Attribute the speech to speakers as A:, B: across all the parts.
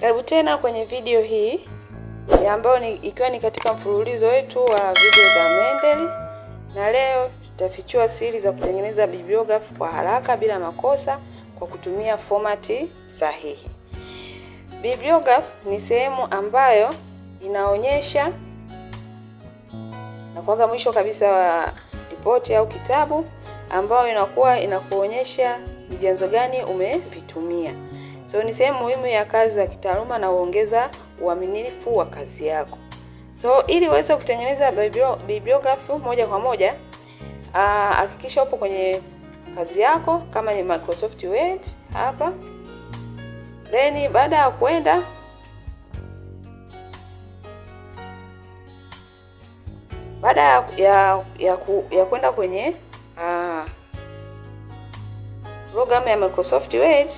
A: Karibu tena kwenye video hii ambayo ni, ikiwa ni katika mfululizo wetu wa video za Mendeley, na leo tutafichua siri za kutengeneza bibliography kwa haraka bila makosa kwa kutumia fomati sahihi. Bibliography ni sehemu ambayo inaonyesha na kuaga mwisho kabisa wa ripoti au kitabu ambayo inakuwa inakuonyesha ni vyanzo gani umevitumia. So ni sehemu muhimu ya kazi za kitaaluma na huongeza uaminifu wa kazi yako. So ili uweze kutengeneza bibliography moja kwa moja, ah, hakikisha upo kwenye kazi yako kama ni Microsoft Word hapa. Then baada ya kwenda baada ya ya, ya, ku, ya kwenda kwenye uh, ah, programu ya Microsoft Word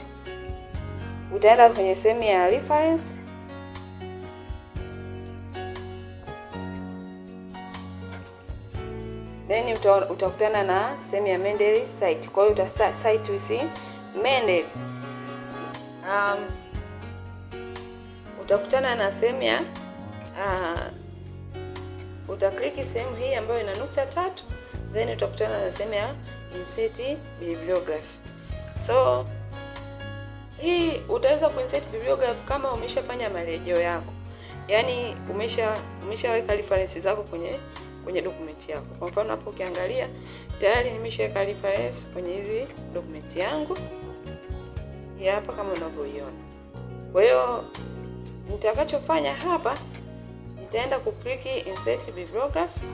A: utaenda kwenye sehemu ya reference then utakutana na sehemu ya Mendel site. Kwa hiyo uta site see Mendel. Um, utakutana na sehemu ya uh, utakliki sehemu hii ambayo ina nukta tatu then utakutana na sehemu ya insert bibliography so hii utaweza kuinsert bibliography kama umeshafanya marejeo yako, yaani umesha umeshaweka reference zako kwenye kwenye dokumenti yako. Kwa mfano hapo ukiangalia tayari nimeshaweka reference kwenye hizi dokumenti yangu ya hapa kama unavyoiona. Kwa hiyo nitakachofanya hapa nitaenda kukliki insert bibliography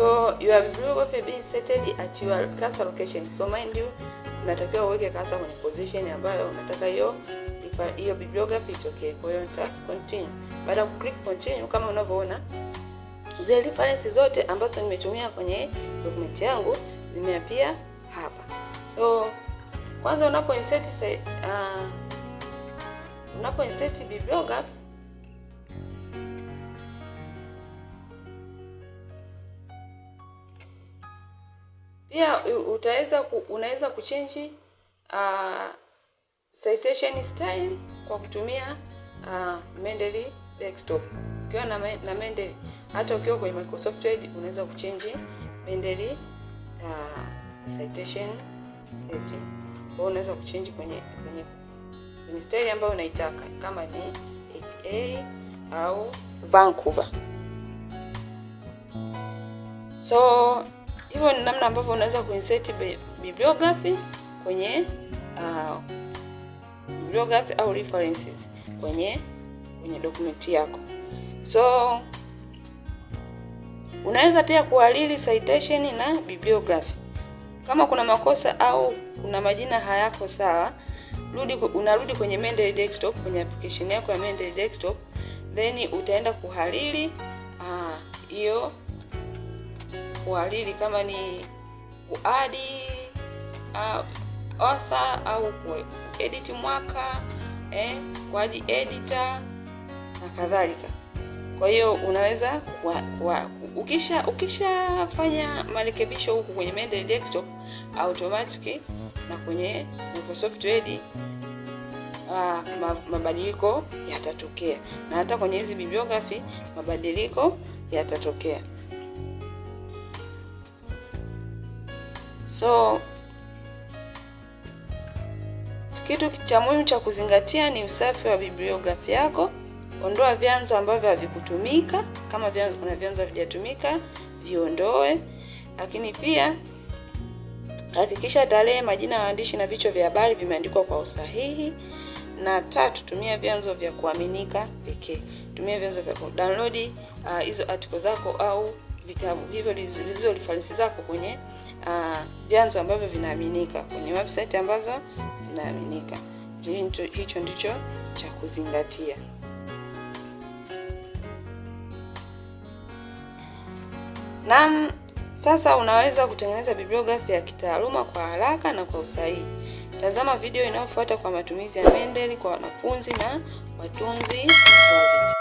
A: so you have geography being settled at your cursor location. So mind you, unatakiwa uweke cursor kwenye position ambayo unataka hiyo hiyo bibliography okay. Kwa hiyo nita continue. Baada ya kuclick continue, kama unavyoona zile reference zote ambazo nimetumia kwenye document yangu zimeapia hapa. So kwanza unapo insert uh, unapo insert bibliography Pia utaweza ku, unaweza kuchange uh, citation style kwa kutumia uh, Mendeley desktop. Ukiwa na, na Mendeley hata ukiwa kwenye Microsoft Word unaweza kuchange Mendeley uh, citation setting. Kwa unaweza kuchange kwenye kwenye kwenye style ambayo unaitaka kama ni APA au Vancouver. So Hivyo ni namna ambavyo unaweza kuinsert bibliography kwenye uh, bibliography au references kwenye kwenye dokumenti yako. So unaweza pia kuhariri citation na bibliography. Kama kuna makosa au kuna majina hayako sawa, rudi, unarudi kwenye Mendeley Desktop, kwenye application yako ya Mendeley Desktop, then utaenda kuhariri uh, hiyo uh, kuhariri kama ni kuadi uh, author au kuedit mwaka eh, kuadi editor na kadhalika. Kwa hiyo unaweza wa, wa, ukisha ukishafanya marekebisho huku kwenye Mendeley desktop automatic mm-hmm. na kwenye Microsoft edi ah, mabadiliko yatatokea, na hata kwenye hizi bibliography mabadiliko yatatokea. So kitu cha muhimu cha kuzingatia ni usafi wa bibliografi yako. Ondoa vyanzo ambavyo havikutumika. Kama vyanzo, kuna vyanzo havijatumika viondoe, lakini pia hakikisha tarehe, majina ya waandishi na vichwa vya habari vimeandikwa kwa usahihi. Na tatu, tumia vyanzo vya kuaminika pekee. Tumia vyanzo vya download uh, hizo uh, article zako au vitabu hivyo zilizo reference zako kwenye Ah, vyanzo uh, ambavyo vinaaminika kwenye website ambazo zinaaminika. Hicho ndicho cha kuzingatia. Naam, sasa unaweza kutengeneza bibliografia ya kitaaluma kwa haraka na kwa usahihi. Tazama video inayofuata kwa matumizi ya mendeli kwa wanafunzi na watunzi wa